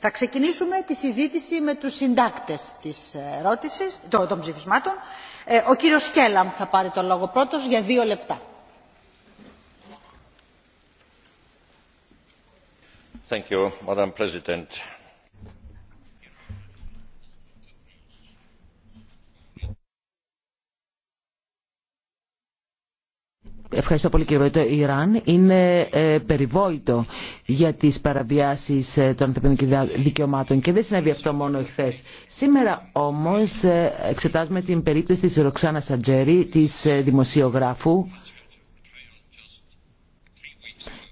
Θα ξεκινήσουμε τη συζήτηση με τους συντάκτες της ερώτησης, των ψηφισμάτων. Ε, ο κύριος Κέλαμ θα πάρει το λόγο πρώτος για δύο λεπτά. Ευχαριστώ πολύ κύριε Το Ιράν είναι ε, περιβόητο για τις παραβιάσεις ε, των ανθρωπίνων δικαιωμάτων και δεν συνέβη αυτό μόνο χθε. Σήμερα όμως ε, εξετάζουμε την περίπτωση της Ροξάνα Σαντζέρη, της δημοσιογράφου,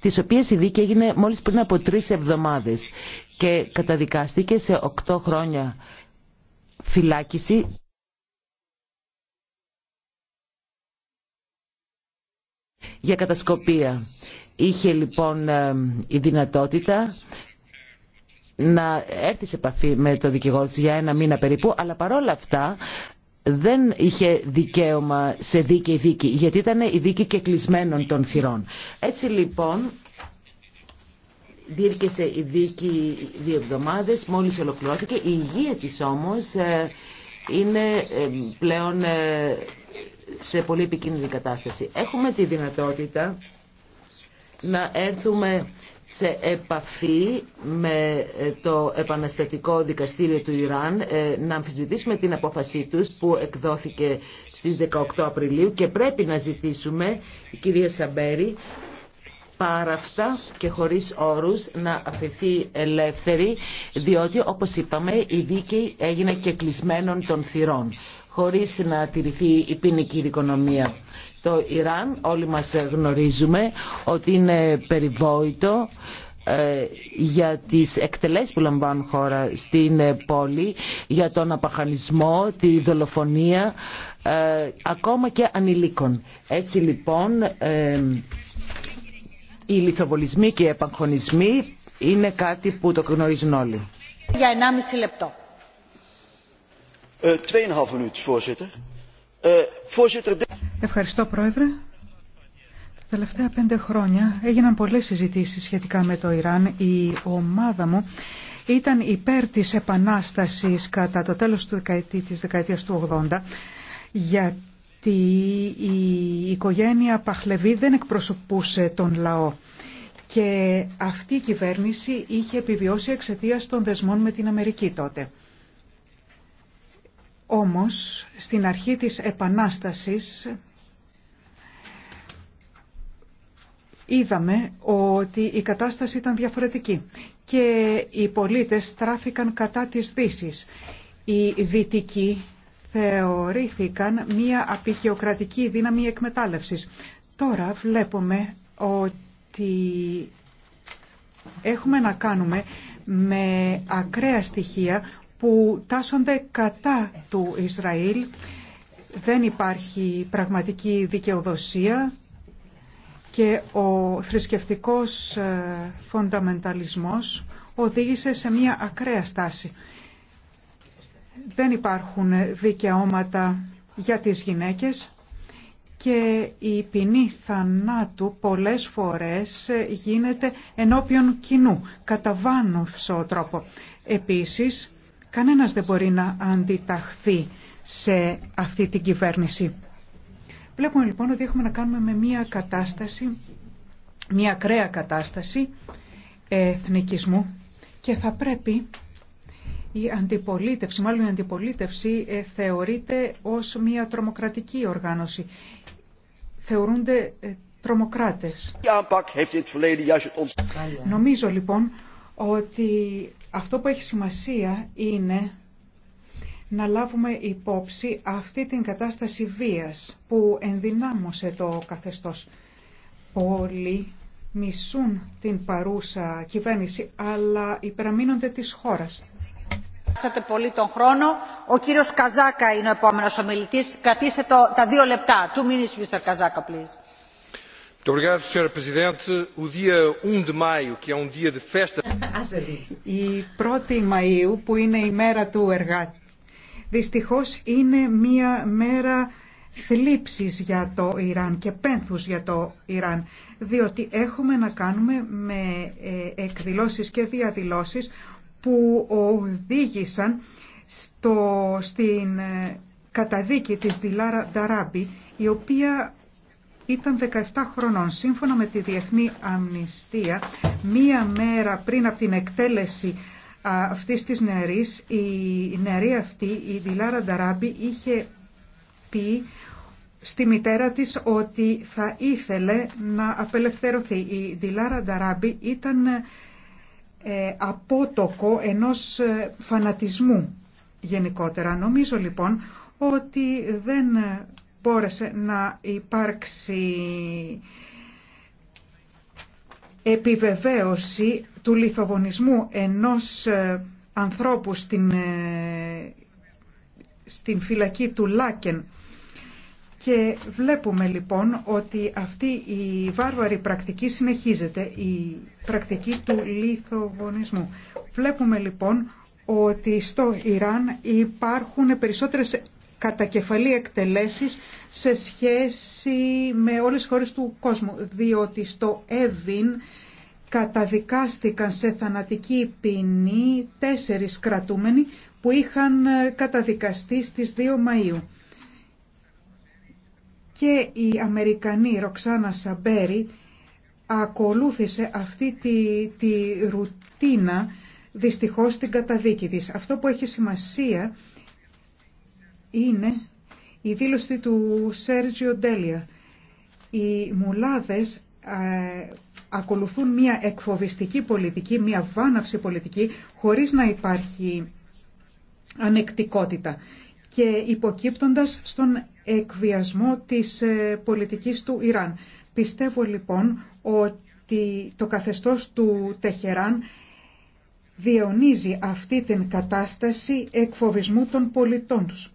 της οποίας η δίκη έγινε μόλις πριν από τρεις εβδομάδες και καταδικάστηκε σε οκτώ χρόνια φυλάκιση για κατασκοπία. Είχε λοιπόν ε, η δυνατότητα να έρθει σε επαφή με το δικηγόρο για ένα μήνα περίπου, αλλά παρόλα αυτά δεν είχε δικαίωμα σε δίκαιη δίκη, γιατί ήταν η δίκη και κλεισμένων των θυρών. Έτσι λοιπόν δίρκεσε η δίκη δύο εβδομάδες, μόλις ολοκληρώθηκε. Η υγεία της όμως ε, είναι ε, πλέον σε πολύ επικίνδυνη κατάσταση. Έχουμε τη δυνατότητα να έρθουμε σε επαφή με ε, το επαναστατικό δικαστήριο του Ιράν ε, να αμφισβητήσουμε την απόφασή τους που εκδόθηκε στις 18 Απριλίου και πρέπει να ζητήσουμε, η κυρία Σαμπέρη, παρά αυτά και χωρίς όρους να αφηθεί ελεύθερη διότι όπως είπαμε η δίκη έγινε και κλεισμένων των θυρών χωρίς να τηρηθεί η ποινική οικονομία. Το Ιράν όλοι μας γνωρίζουμε ότι είναι περιβόητο ε, για τις εκτελέσεις που λαμβάνουν χώρα στην ε, πόλη, για τον απαχανισμό, τη δολοφονία, ε, ακόμα και ανηλίκων. Έτσι λοιπόν οι λιθοβολισμοί και οι επαγχωνισμοί είναι κάτι που το γνωρίζουν όλοι. Για λεπτό. Eh, eh, Ευχαριστώ, Πρόεδρε. Τα τελευταία πέντε χρόνια έγιναν πολλές συζητήσεις σχετικά με το Ιράν. Η ομάδα μου ήταν υπέρ της επανάστασης κατά το τέλος του δεκαετή, της δεκαετίας του 80 γιατί η οικογένεια Παχλεβή δεν εκπροσωπούσε τον λαό και αυτή η κυβέρνηση είχε επιβιώσει εξαιτία των δεσμών με την Αμερική τότε. Όμως, στην αρχή της Επανάστασης είδαμε ότι η κατάσταση ήταν διαφορετική και οι πολίτες τράφηκαν κατά της δύση. Οι Δυτικοί θεωρήθηκαν μία απεικιοκρατική δύναμη εκμετάλλευσης. Τώρα βλέπουμε ότι έχουμε να κάνουμε με ακραία στοιχεία που τάσσονται κατά του Ισραήλ. Δεν υπάρχει πραγματική δικαιοδοσία και ο θρησκευτικός ε, φονταμενταλισμός οδήγησε σε μια ακραία στάση. Δεν υπάρχουν δικαιώματα για τις γυναίκες και η ποινή θανάτου πολλές φορές ε, γίνεται ενώπιον κοινού, κατά βάνουσο τρόπο. Επίσης, Κανένας δεν μπορεί να αντιταχθεί σε αυτή την κυβέρνηση. Βλέπουμε λοιπόν ότι έχουμε να κάνουμε με μια κατάσταση, μια ακραία κατάσταση εθνικισμού και θα πρέπει η αντιπολίτευση, μάλλον η αντιπολίτευση ε, θεωρείται ως μια τρομοκρατική οργάνωση. Θεωρούνται ε, τρομοκράτες. Νομίζω λοιπόν ότι αυτό που έχει σημασία είναι να λάβουμε υπόψη αυτή την κατάσταση βίας που ενδυνάμωσε το καθεστώς. Όλοι μισούν την παρούσα κυβέρνηση, αλλά υπεραμείνονται της χώρας. Κρατήσατε πολύ τον χρόνο. Ο κύριος Καζάκα είναι ο επόμενος ομιλητής. Κρατήστε το, τα δύο λεπτά. του minutes, Mr. Καζάκα, please. Η 1η Μαΐου που είναι η μέρα του εργάτη δυστυχώς είναι μία μέρα θλίψης για το Ιράν και πένθους για το Ιράν διότι έχουμε να κάνουμε με ε, εκδηλώσεις και διαδηλώσεις που οδήγησαν στο, στην ε, καταδίκη της διλάρα Νταράμπη η οποία ήταν 17 χρονών. Σύμφωνα με τη Διεθνή Αμνηστία, μία μέρα πριν από την εκτέλεση αυτής της νεαρής, η νεαρή αυτή, η Διλάρα Νταράμπη, είχε πει στη μητέρα της ότι θα ήθελε να απελευθερωθεί. Η Διλάρα Νταράμπη ήταν ε, απότοκο ενός ε, φανατισμού γενικότερα. Νομίζω λοιπόν ότι δεν μπόρεσε να υπάρξει επιβεβαίωση του λιθοβονισμού ενός ε, ανθρώπου στην, ε, στην φυλακή του Λάκεν. Και βλέπουμε λοιπόν ότι αυτή η βάρβαρη πρακτική συνεχίζεται, η πρακτική του λιθοβονισμού. Βλέπουμε λοιπόν ότι στο Ιράν υπάρχουν περισσότερες κατακεφαλή εκτελέσεις σε σχέση με όλες τις χώρες του κόσμου, διότι στο ΕΒΙΝ καταδικάστηκαν σε θανατική ποινή τέσσερις κρατούμενοι που είχαν ε, καταδικαστεί στις 2 Μαΐου. Και η Αμερικανή Ροξάνα Σαμπέρι ακολούθησε αυτή τη, τη ρουτίνα δυστυχώς την καταδίκη της. Αυτό που έχει σημασία είναι η δήλωση του Σέργιο Ντέλια. Οι μουλάδες ε, ακολουθούν μια εκφοβιστική πολιτική, μια βάναυση πολιτική, χωρίς να υπάρχει ανεκτικότητα και υποκύπτοντας στον εκβιασμό της ε, πολιτικής του Ιράν. Πιστεύω λοιπόν ότι το καθεστώς του Τεχεράν διαιωνίζει αυτή την κατάσταση εκφοβισμού των πολιτών τους.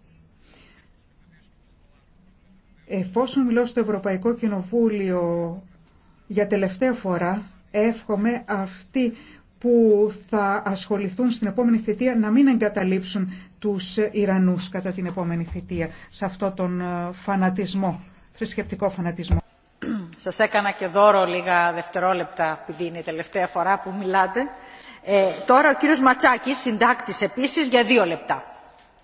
Εφόσον μιλώ στο Ευρωπαϊκό Κοινοβούλιο για τελευταία φορά, εύχομαι αυτοί που θα ασχοληθούν στην επόμενη θητεία να μην εγκαταλείψουν τους Ιρανούς κατά την επόμενη θητεία σε αυτό τον ε, φανατισμό, θρησκευτικό φανατισμό. Σας έκανα και δώρο λίγα δευτερόλεπτα, επειδή είναι η τελευταία φορά που μιλάτε. Ε, τώρα ο κύριος Ματσάκης, συντάκτης επίσης, για δύο λεπτά.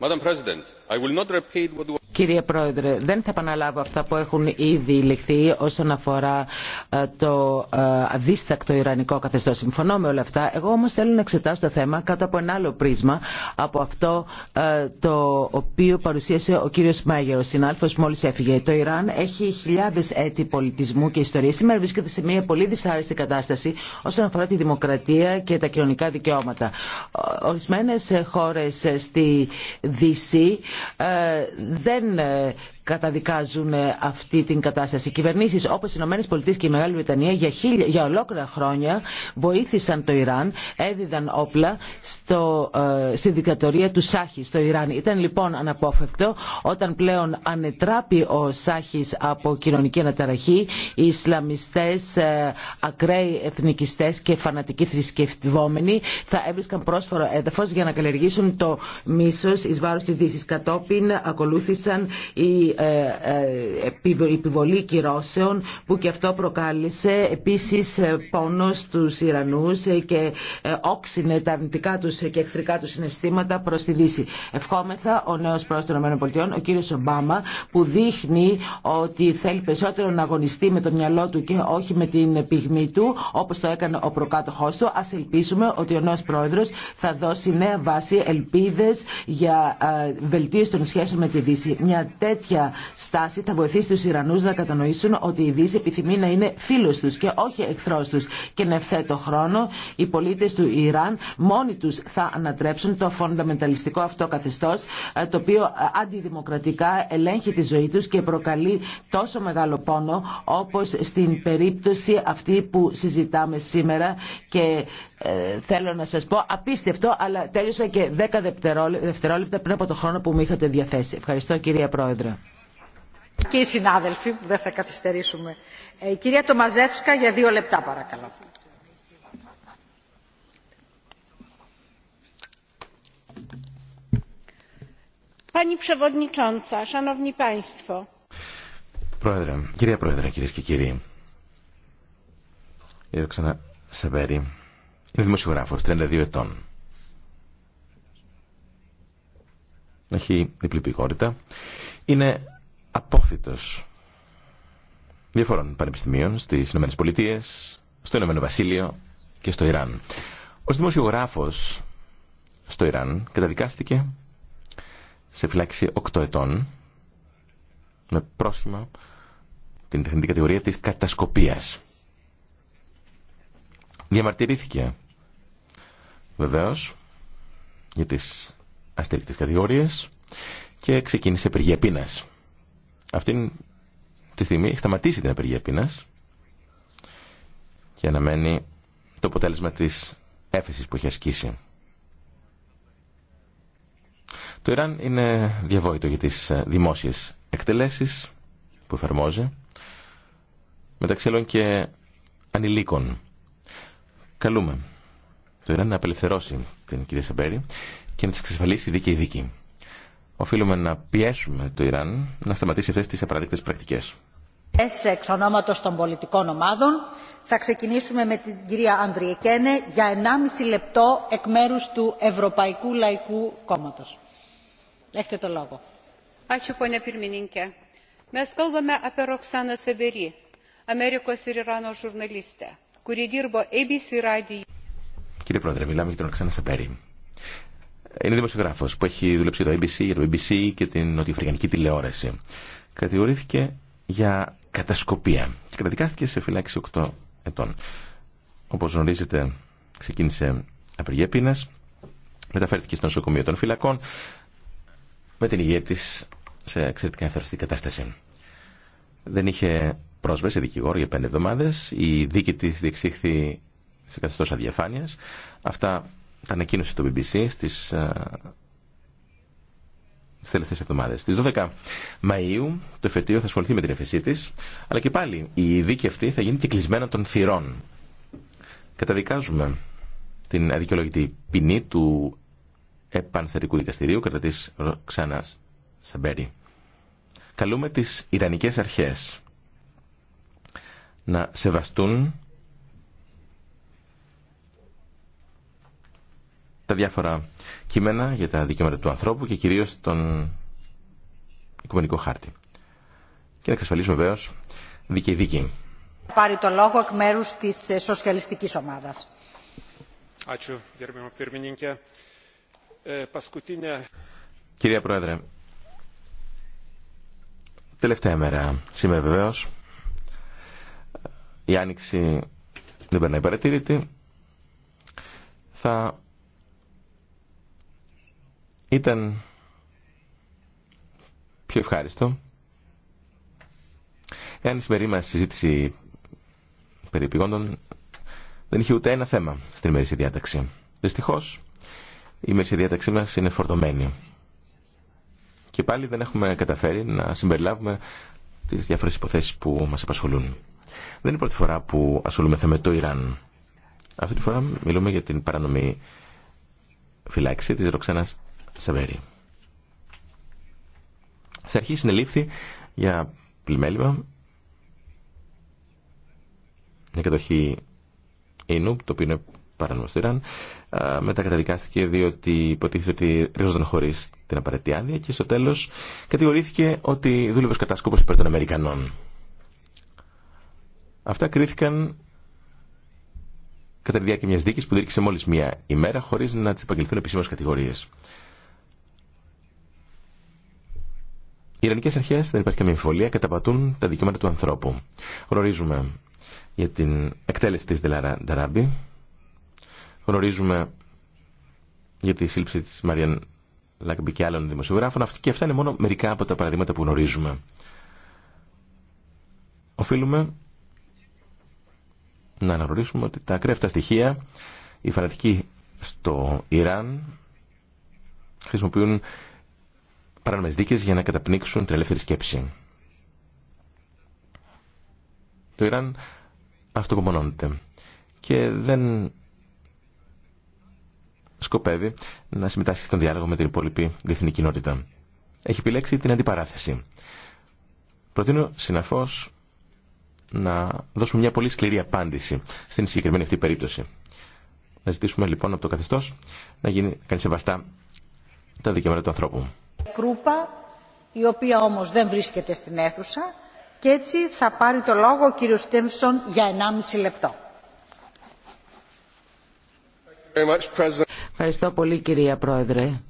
Madam President, I will not repeat what... Κύριε Πρόεδρε, δεν θα επαναλάβω αυτά που έχουν ήδη ληχθεί όσον αφορά ε, το ε, αδίστακτο Ιρανικό καθεστώ. Συμφωνώ με όλα αυτά. Εγώ όμω θέλω να εξετάσω το θέμα κάτω από ένα άλλο πρίσμα από αυτό ε, το οποίο παρουσίασε ο κύριο Μάγερο, συνάλφο που μόλι έφυγε. Το Ιράν έχει χιλιάδε έτη πολιτισμού και ιστορία. Σήμερα βρίσκεται σε μια πολύ δυσάρεστη κατάσταση όσον αφορά τη δημοκρατία και τα κοινωνικά δικαιώματα. Ορισμένε χώρε στη Δύση δεν ε, καταδικάζουν ε, αυτή την κατάσταση. Οι κυβερνήσει όπω οι ΗΠΑ και η Μεγάλη Βρετανία για, χίλια, για ολόκληρα χρόνια βοήθησαν το Ιράν, έδιδαν όπλα στο, ε, στη δικτατορία του Σάχη στο Ιράν. Ήταν λοιπόν αναπόφευκτο όταν πλέον ανετράπη ο Σάχη από κοινωνική αναταραχή, οι Ισλαμιστέ, ε, ακραίοι εθνικιστέ και φανατικοί θρησκευόμενοι θα έβρισκαν πρόσφορο έδαφο για να καλλιεργήσουν το μίσο ει βάρο τη Δύση. Κατόπιν ακολούθησαν οι ε, ε, επιβολή κυρώσεων που και αυτό προκάλεσε επίσης ε, πόνο στους Ιρανούς και όξινε τα αρνητικά τους και εχθρικά τους συναισθήματα προς τη Δύση. Ευχόμεθα ο νέος πρόεδρος των ΗΠΑ, ο κύριος Ομπάμα, που δείχνει ότι θέλει περισσότερο να αγωνιστεί με το μυαλό του και όχι με την πυγμή του, όπως το έκανε ο προκάτοχός του. Ας ελπίσουμε ότι ο νέος πρόεδρος θα δώσει νέα βάση ελπίδες για βελτίωση των σχέσεων με τη Δύση. Μια τέτοια στάση θα βοηθήσει του Ιρανού να κατανοήσουν ότι η Δύση επιθυμεί να είναι φίλο του και όχι εχθρό του. Και με το χρόνο οι πολίτε του Ιράν μόνοι του θα ανατρέψουν το φονταμενταλιστικό αυτό καθεστώ, ε, το οποίο ε, αντιδημοκρατικά ελέγχει τη ζωή του και προκαλεί τόσο μεγάλο πόνο όπως στην περίπτωση αυτή που συζητάμε σήμερα και ε, θέλω να σας πω απίστευτο αλλά τέλειωσα και 10 δευτερόλεπτα πριν από το χρόνο που μου είχατε διαθέσει. Ευχαριστώ κυρία Πρόεδρε. Και οι συνάδελφοι, δεν θα καθυστερήσουμε. Ε, η κυρία Τομαζεύσκα για δύο λεπτά παρακαλώ. Πάνη Przewodnicząca, Szanowni Państwo. Πρόεδρε, κυρία Πρόεδρε, κυρίες και κύριοι, η Ροξάνα Σεβέρη, είναι δημοσιογράφο, 32 ετών. Έχει διπλή πηγότητα. Είναι απόφυτος διαφόρων πανεπιστημίων στις ΗΠΑ, στο Ηνωμένο Βασίλειο και στο Ιράν. Ο δημοσιογράφος στο Ιράν καταδικάστηκε σε φυλάξη 8 ετών με πρόσχημα την τεχνητή κατηγορία της κατασκοπίας. Διαμαρτυρήθηκε βεβαίως για τις αστερικές κατηγορίες και ξεκίνησε περιγεπίνας. Αυτή τη στιγμή έχει σταματήσει την απεργία πείνας και αναμένει το αποτέλεσμα της έφεσης που έχει ασκήσει. Το Ιράν είναι διαβόητο για τις ε, δημόσιες εκτελέσεις που εφαρμόζει μεταξύ άλλων και ανηλίκων. Καλούμε το Ιράν να απελευθερώσει την κυρία Σαμπέρη και να της εξασφαλίσει δίκαιη δίκη οφείλουμε να πιέσουμε το Ιράν να σταματήσει αυτές τις απαραδείκτες πρακτικές. Εξ ονόματος των πολιτικών ομάδων θα ξεκινήσουμε με την κυρία Ανδριεκένε για 1,5 λεπτό εκ μέρους του Ευρωπαϊκού Λαϊκού Κόμματος. Έχετε το λόγο. Mes kalbame apie Amerikos Κύριε Πρόεδρε, μιλάμε για τον Ροξάνα Σεπέρι. Είναι δημοσιογράφο που έχει δουλέψει το ABC, το BBC και την νοτιοφρικανική τηλεόραση. Κατηγορήθηκε για κατασκοπία και καταδικάστηκε σε φυλάξη 8 ετών. Όπως γνωρίζετε, ξεκίνησε απεργία πείνα, μεταφέρθηκε στο νοσοκομείο των φυλακών με την υγεία τη σε εξαιρετικά ευθαρστή κατάσταση. Δεν είχε πρόσβαση δικηγόρο για πέντε εβδομάδε. Η δίκη της διεξήχθη σε καθεστώς αδιαφάνεια. Αυτά τα ανακοίνωσε το BBC στις, τελευταίε τελευταίες εβδομάδες. Στις 12 Μαΐου το εφετείο θα ασχοληθεί με την εφησή τη, αλλά και πάλι η δίκη αυτή θα γίνει και κλεισμένα των θυρών. Καταδικάζουμε την αδικαιολογητή ποινή του επανθερικού δικαστηρίου κατά της ξανα Σαμπέρι. Καλούμε τις Ιρανικές αρχές να σεβαστούν τα διάφορα κείμενα για τα δικαιώματα του ανθρώπου και κυρίως τον Οικουμενικό Χάρτη. Και να εξασφαλίσουμε βεβαίω δίκαιη δίκη. Πάρει το λόγο εκ μέρους της ε, σοσιαλιστικής ομάδας. Ε, Κυρία Πρόεδρε, τελευταία μέρα σήμερα βεβαίω. Η άνοιξη δεν περνάει παρατήρητη. Θα ήταν πιο ευχάριστο εάν η σημερινή μας συζήτηση περί δεν είχε ούτε ένα θέμα στην ημερήσια διάταξη. Δυστυχώ, η ημερήσια διάταξή μα είναι φορτωμένη. Και πάλι δεν έχουμε καταφέρει να συμπεριλάβουμε τι διάφορε υποθέσει που μα απασχολούν. Δεν είναι η πρώτη φορά που ασχολούμε με το Ιράν. Αυτή τη φορά μιλούμε για την παράνομη φυλάξη τη Ροξένας Σαβέρη. Σε αρχή συνελήφθη για πλημέλημα μια κατοχή Ινούπ, το οποίο είναι παράνομο Μετά καταδικάστηκε διότι υποτίθεται ότι ρίζονταν χωρί την απαραίτητη άδεια και στο τέλο κατηγορήθηκε ότι δούλευε ω κατάσκοπο υπέρ των Αμερικανών. Αυτά κρίθηκαν κατά τη διάρκεια μια δίκη που δίρξε μόλι μία ημέρα χωρί να τι επαγγελθούν επισήμω κατηγορίε. Οι Ιρανικέ αρχέ, δεν υπάρχει καμία εμφιβολία, καταπατούν τα δικαιώματα του ανθρώπου. Γνωρίζουμε για την εκτέλεση τη Δελάρα Νταράμπη. Γνωρίζουμε για τη σύλληψη τη Μαριάν Λακμπή και άλλων δημοσιογράφων. Αυτή και αυτά είναι μόνο μερικά από τα παραδείγματα που γνωρίζουμε. Οφείλουμε να αναγνωρίσουμε ότι τα ακραία στοιχεία, οι φανατικοί στο Ιράν, χρησιμοποιούν παράνομες δίκες για να καταπνίξουν την ελεύθερη σκέψη. Το Ιράν αυτοκομονώνεται και δεν σκοπεύει να συμμετάσχει στον διάλογο με την υπόλοιπη διεθνή κοινότητα. Έχει επιλέξει την αντιπαράθεση. Προτείνω συναφώς να δώσουμε μια πολύ σκληρή απάντηση στην συγκεκριμένη αυτή περίπτωση. Να ζητήσουμε λοιπόν από το καθεστώς να γίνει κάνει σεβαστά τα δικαιώματα του ανθρώπου. Κρούπα, η οποία όμως δεν βρίσκεται στην αίθουσα και έτσι θα πάρει το λόγο ο κύριος Στέμψον για 1,5 λεπτό. Ευχαριστώ πολύ κυρία Πρόεδρε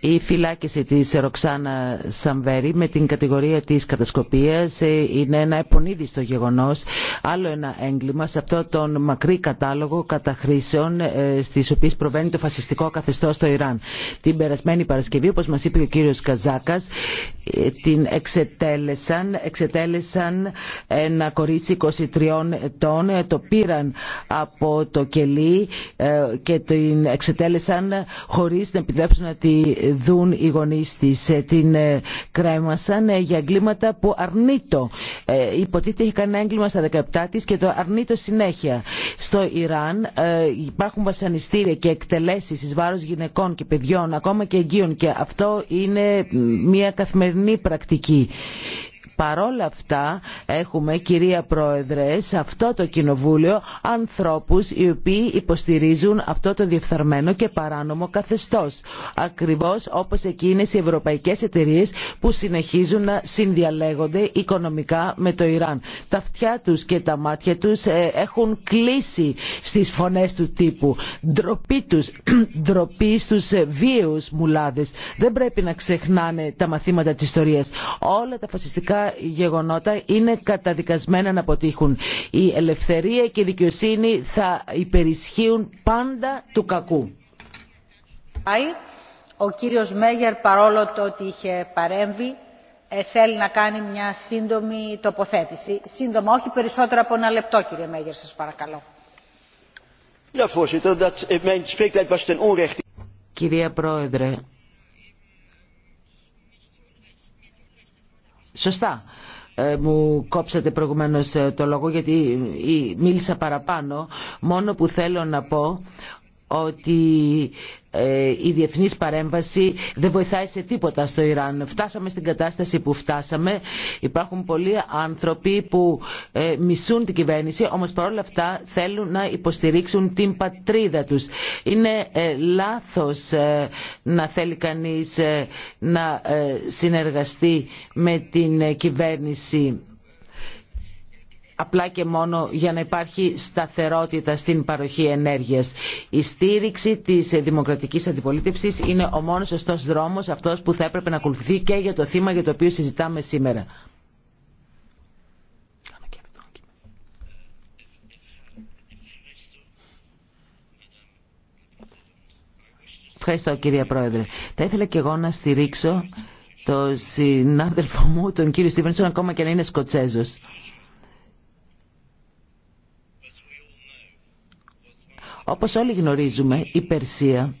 η φυλάκιση της Ροξάνα Σαμβέρη με την κατηγορία της κατασκοπίας ε, είναι ένα επονίδιστο γεγονός, άλλο ένα έγκλημα σε αυτό τον μακρύ κατάλογο καταχρήσεων ε, στις οποίες προβαίνει το φασιστικό καθεστώς στο Ιράν. Την περασμένη Παρασκευή, όπως μας είπε ο κύριος Καζάκας, την εξετέλεσαν, εξετέλεσαν ένα κορίτσι 23 ετών, ε, το πήραν από το κελί ε, και την εξετέλεσαν χωρίς να επιτρέψουν να τη δουν οι γονείς της. Ε, την κρέμασαν για εγκλήματα που αρνείτο. Υποτίθεται είχε κάνει έγκλημα στα 17 και το αρνείτο συνέχεια. Στο Ιράν υπάρχουν βασανιστήρια και εκτελέσεις εις βάρος γυναικών και παιδιών, ακόμα και εγγύων και αυτό είναι μια καθημερινή μακρινή πρακτική. Παρόλα αυτά έχουμε κυρία Πρόεδρε σε αυτό το κοινοβούλιο ανθρώπους οι οποίοι υποστηρίζουν αυτό το διεφθαρμένο και παράνομο καθεστώς. Ακριβώς όπως εκείνες οι ευρωπαϊκές εταιρείε που συνεχίζουν να συνδιαλέγονται οικονομικά με το Ιράν. Τα αυτιά τους και τα μάτια τους ε, έχουν κλείσει στις φωνές του τύπου. Ντροπή τους, ντροπή στους ε, βίαιους μουλάδες. Δεν πρέπει να ξεχνάνε τα μαθήματα της ιστορίας. Όλα τα φασιστικά γεγονότα είναι καταδικασμένα να αποτύχουν. Η ελευθερία και η δικαιοσύνη θα υπερισχύουν πάντα του κακού. Ο κύριος Μέγερ παρόλο το ότι είχε παρέμβει ε, θέλει να κάνει μια σύντομη τοποθέτηση. Σύντομα, όχι περισσότερο από ένα λεπτό κύριε Μέγερ σας παρακαλώ. Eh, Κυρία Πρόεδρε, Σωστά. Ε, μου κόψατε προηγουμένως ε, το λόγο γιατί ε, μίλησα παραπάνω. Μόνο που θέλω να πω ότι ε, η διεθνής παρέμβαση δεν βοηθάει σε τίποτα στο Ιράν. Φτάσαμε στην κατάσταση που φτάσαμε. Υπάρχουν πολλοί άνθρωποι που ε, μισούν την κυβέρνηση, όμως παρόλα αυτά θέλουν να υποστηρίξουν την πατρίδα τους. Είναι ε, λάθος να θέλει κανείς να συνεργαστεί με την κυβέρνηση απλά και μόνο για να υπάρχει σταθερότητα στην παροχή ενέργειας. Η στήριξη της δημοκρατικής αντιπολίτευσης είναι ο μόνος σωστός δρόμος, αυτός που θα έπρεπε να ακολουθεί και για το θύμα για το οποίο συζητάμε σήμερα. Ευχαριστώ κυρία Πρόεδρε. Θα ήθελα και εγώ να στηρίξω τον συνάδελφό μου, τον κύριο Στίβενσον, ακόμα και να είναι Σκοτσέζος. Όπως όλοι γνωρίζουμε, η Περσία,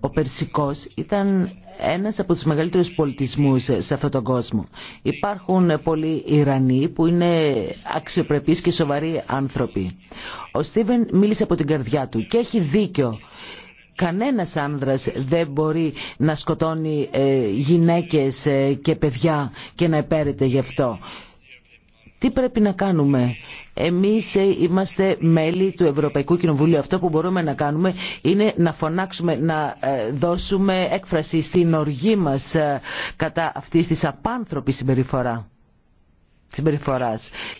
ο Περσικός ήταν ένας από τους μεγαλύτερους πολιτισμούς σε αυτόν τον κόσμο. Υπάρχουν πολλοί Ιρανοί που είναι αξιοπρεπείς και σοβαροί άνθρωποι. Ο Στίβεν μίλησε από την καρδιά του και έχει δίκιο. Κανένας άνδρας δεν μπορεί να σκοτώνει ε, γυναίκες ε, και παιδιά και να επέρεται γι' αυτό. Τι πρέπει να κάνουμε. Εμείς ε, είμαστε μέλη του Ευρωπαϊκού Κοινοβουλίου. Αυτό που μπορούμε να κάνουμε είναι να φωνάξουμε, να ε, δώσουμε έκφραση στην οργή μας ε, κατά αυτής της απάνθρωπης συμπεριφορά.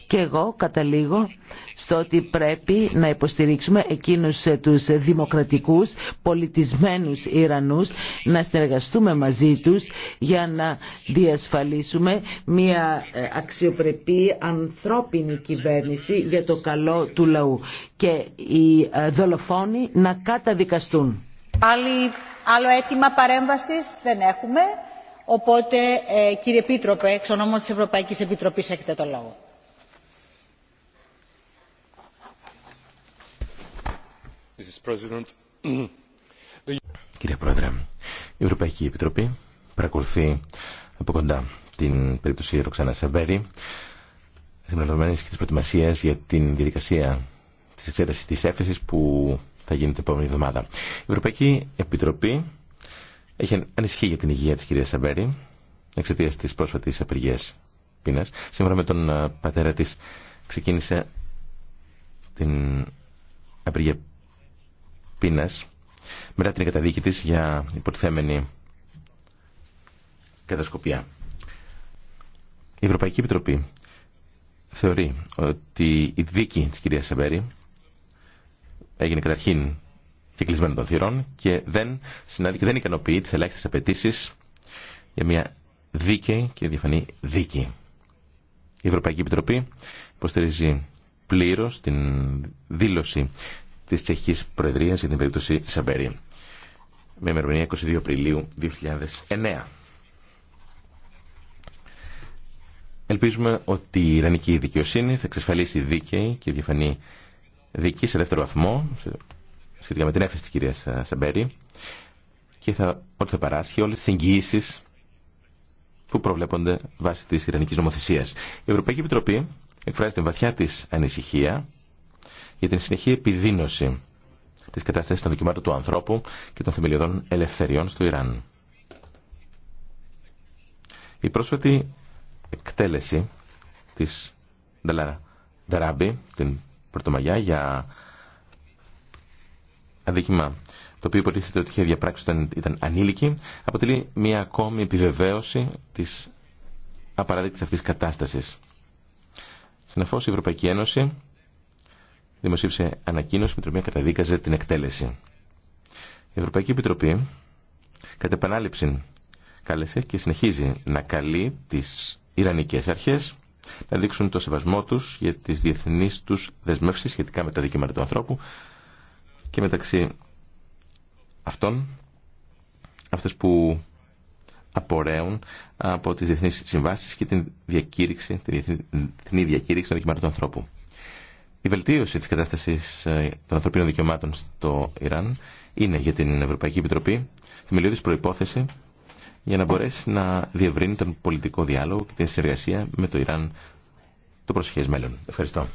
Και εγώ καταλήγω στο ότι πρέπει να υποστηρίξουμε εκείνους ε, τους δημοκρατικούς, πολιτισμένους Ιρανούς, να συνεργαστούμε μαζί τους για να διασφαλίσουμε μια ε, αξιοπρεπή ανθρώπινη κυβέρνηση για το καλό του λαού και οι ε, δολοφόνοι να καταδικαστούν. Πάλι άλλο αίτημα παρέμβασης δεν έχουμε. Οπότε, ε, κύριε Επίτροπε, εξ ονόμων της Ευρωπαϊκής Επιτροπής έχετε το λόγο. Κύριε Πρόεδρε, η Ευρωπαϊκή Επιτροπή παρακολουθεί από κοντά την περίπτωση Ροξάνα Σαβέρη, συμπληρωμένη και τη προετοιμασία για την διαδικασία τη εξέτασης τη έφεση που θα γίνει την επόμενη εβδομάδα. Η Ευρωπαϊκή Επιτροπή έχει ανησυχεί για την υγεία της κυρίας Σαμπέρη εξαιτία τη πρόσφατη απεργίας πείνα. Σήμερα με τον ε, πατέρα της ξεκίνησε την απεργία πίνας μετά την καταδίκη της για υποτιθέμενη κατασκοπιά. Η Ευρωπαϊκή Επιτροπή θεωρεί ότι η δίκη της κυρίας Σαμπέρη έγινε καταρχήν και κλεισμένο των θυρών και δεν, και δεν ικανοποιεί τι ελάχιστε απαιτήσει για μια δίκαιη και διαφανή δίκη. Η Ευρωπαϊκή Επιτροπή υποστηρίζει πλήρω την δήλωση τη Τσεχική Προεδρία για την περίπτωση Σαμπέρι με ημερομηνία 22 Απριλίου 2009. Ελπίζουμε ότι η Ιρανική δικαιοσύνη θα εξασφαλίσει δίκαιη και διαφανή δίκη σε δεύτερο βαθμό, σχετικά με την έφεση της κυρία ε, Σαμπέρη και θα, ότι θα παράσχει όλες τις εγγυήσει που προβλέπονται βάσει της Ιρανικής νομοθεσίας. Η Ευρωπαϊκή Επιτροπή εκφράζει την βαθιά της ανησυχία για την συνεχή επιδείνωση της κατάστασης των δικαιωμάτων του ανθρώπου και των θεμελιωδών ελευθεριών στο Ιράν. Η πρόσφατη εκτέλεση της Νταράμπη, την Πρωτομαγιά, για αδίκημα το οποίο υποτίθεται ότι είχε διαπράξει όταν ήταν ανήλικη, αποτελεί μια ακόμη επιβεβαίωση της απαραδείκτης αυτής κατάστασης. Συνεφώς, η Ευρωπαϊκή Ένωση δημοσίευσε ανακοίνωση με την οποία καταδίκαζε την εκτέλεση. Η Ευρωπαϊκή Επιτροπή κατ' επανάληψη κάλεσε και συνεχίζει να καλεί τις Ιρανικές αρχές να δείξουν το σεβασμό τους για τις διεθνείς τους δεσμεύσεις σχετικά με τα δικαιώματα του ανθρώπου και μεταξύ αυτών αυτές που απορρέουν από τις διεθνείς συμβάσεις και την διακήρυξη, την διεθνή διακήρυξη των δικαιωμάτων του ανθρώπου. Η βελτίωση της κατάστασης ε, των ανθρωπίνων δικαιωμάτων στο Ιράν είναι για την Ευρωπαϊκή Επιτροπή θεμελιώδης προϋπόθεση για να μπορέσει να διευρύνει τον πολιτικό διάλογο και την συνεργασία με το Ιράν το προσεχές μέλλον. Ευχαριστώ.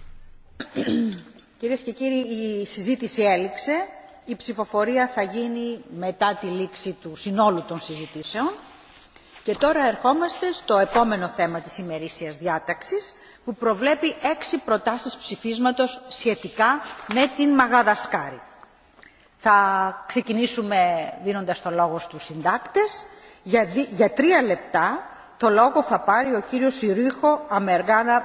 Κυρίες και κύριοι, η συζήτηση έληξε. Η ψηφοφορία θα γίνει μετά τη λήξη του συνόλου των συζητήσεων. Και τώρα ερχόμαστε στο επόμενο θέμα της ημερήσιας διάταξης, που προβλέπει έξι προτάσεις ψηφίσματος σχετικά με την Μαγαδασκάρη. Θα ξεκινήσουμε δίνοντας το λόγο στους συντάκτες. Για, για τρία λεπτά το λόγο θα πάρει ο κύριος Ιρίχο Αμεργάνα